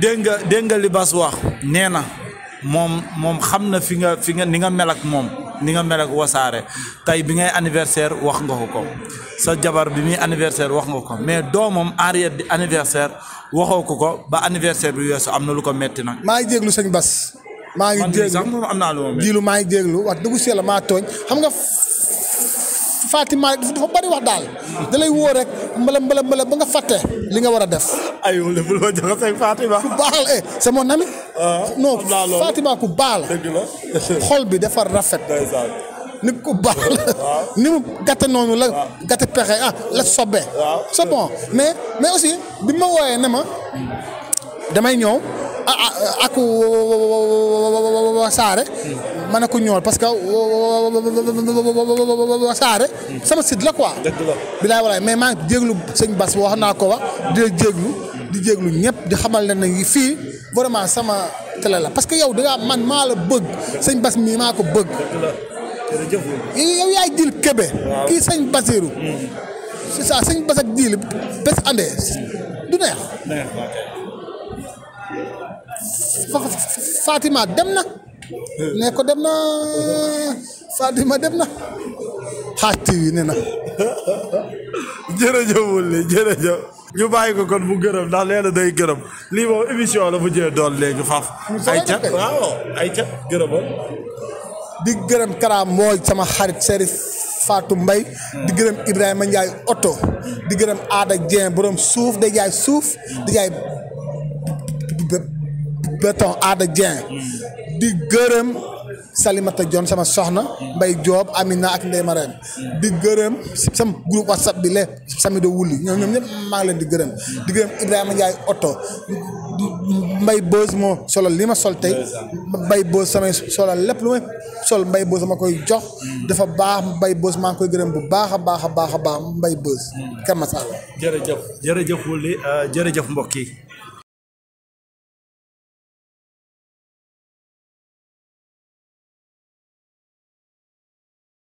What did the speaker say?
dégg nga dégg nga li Bass wax nee na moom moom xam na fi nga fi nga ni nga mel moom ni nga mel ak wasaare tey bi ngay anniversaire wax nga ko ko sa jabar bi muy anniversaire wax nga ko mais doomam arrière di anniversaire waxoo ko ko ba anniversaire bi weesu am na lu ko metti nag. maa ngi déglu sëñ Bass. maa ngi déglu man mii sax am naa lu ma metti. diilu maa ngi déglu wax dëgg si maa tooñ xam nga. Fatim Malick dafa bari wax daal da lay woo rek mbala mbala mbala ba nga fàtte li nga war a def. aywa lépp lu ma joxe ak Fatima. ku baax la eh c'est mon ami. non Fatima ku baax la. dëgg la xol bi dafa rafet. nit ku baax la ni mu gàtte noonu la gàtte pexe ah la sobe c'est mais mais aussi bi ma wooyee ne ma damay ñëw ah ak ma ne ko ñool parce que wasaare sama site la quoi bilaay walaay mais maa ngi jéglu sëñ Bas wax naa ko wax di la jéglu di jéglu ñëpp di xamal leen ne fii vraiment sama télé la parce que yow dangaa man maa la bëgg sañ Bas mii maa ko bëgg yow yaay dil Kébé kii sëñ Basiru c'est ça sëñ Bas ak dil bés andee du neex Fatima dem na ne ko dem na Fadima dem na Xaaj TV ne na jërëjëf wulli jërëjëf ñu bàyyi ko kon mu gërëm ndax nee day gërëm lii moom émission la bu jëlee doon léegi faaf ay ca waaw di gërëm karaam mooy sama xarit Serif faatu mbay di gërëm Ibrahima Ndiaye oto di gërëm Aada Dieng borom suuf day jaay suuf di jaay béton aada Dieng di gërëm Salimata Dione sama soxna Mbay Joob Amina ak Ndey Marème di gërëm sama groupe whatsapp bi lépp sami do wulli ñoom ñëpp maa ngi leen di gërëm di gërëm Ibrahima Ndiaye oto mbay boos moo solal li ma sol tey mbay boos samay solal lépp lu may sol mbay boos ma koy jox dafa baax mbay boos maa ngi koy gërëm bu baax a baax a baax a baax mbay boos kamasaala jërëjëf jërëjëf wulli jërëjëf mbokk yi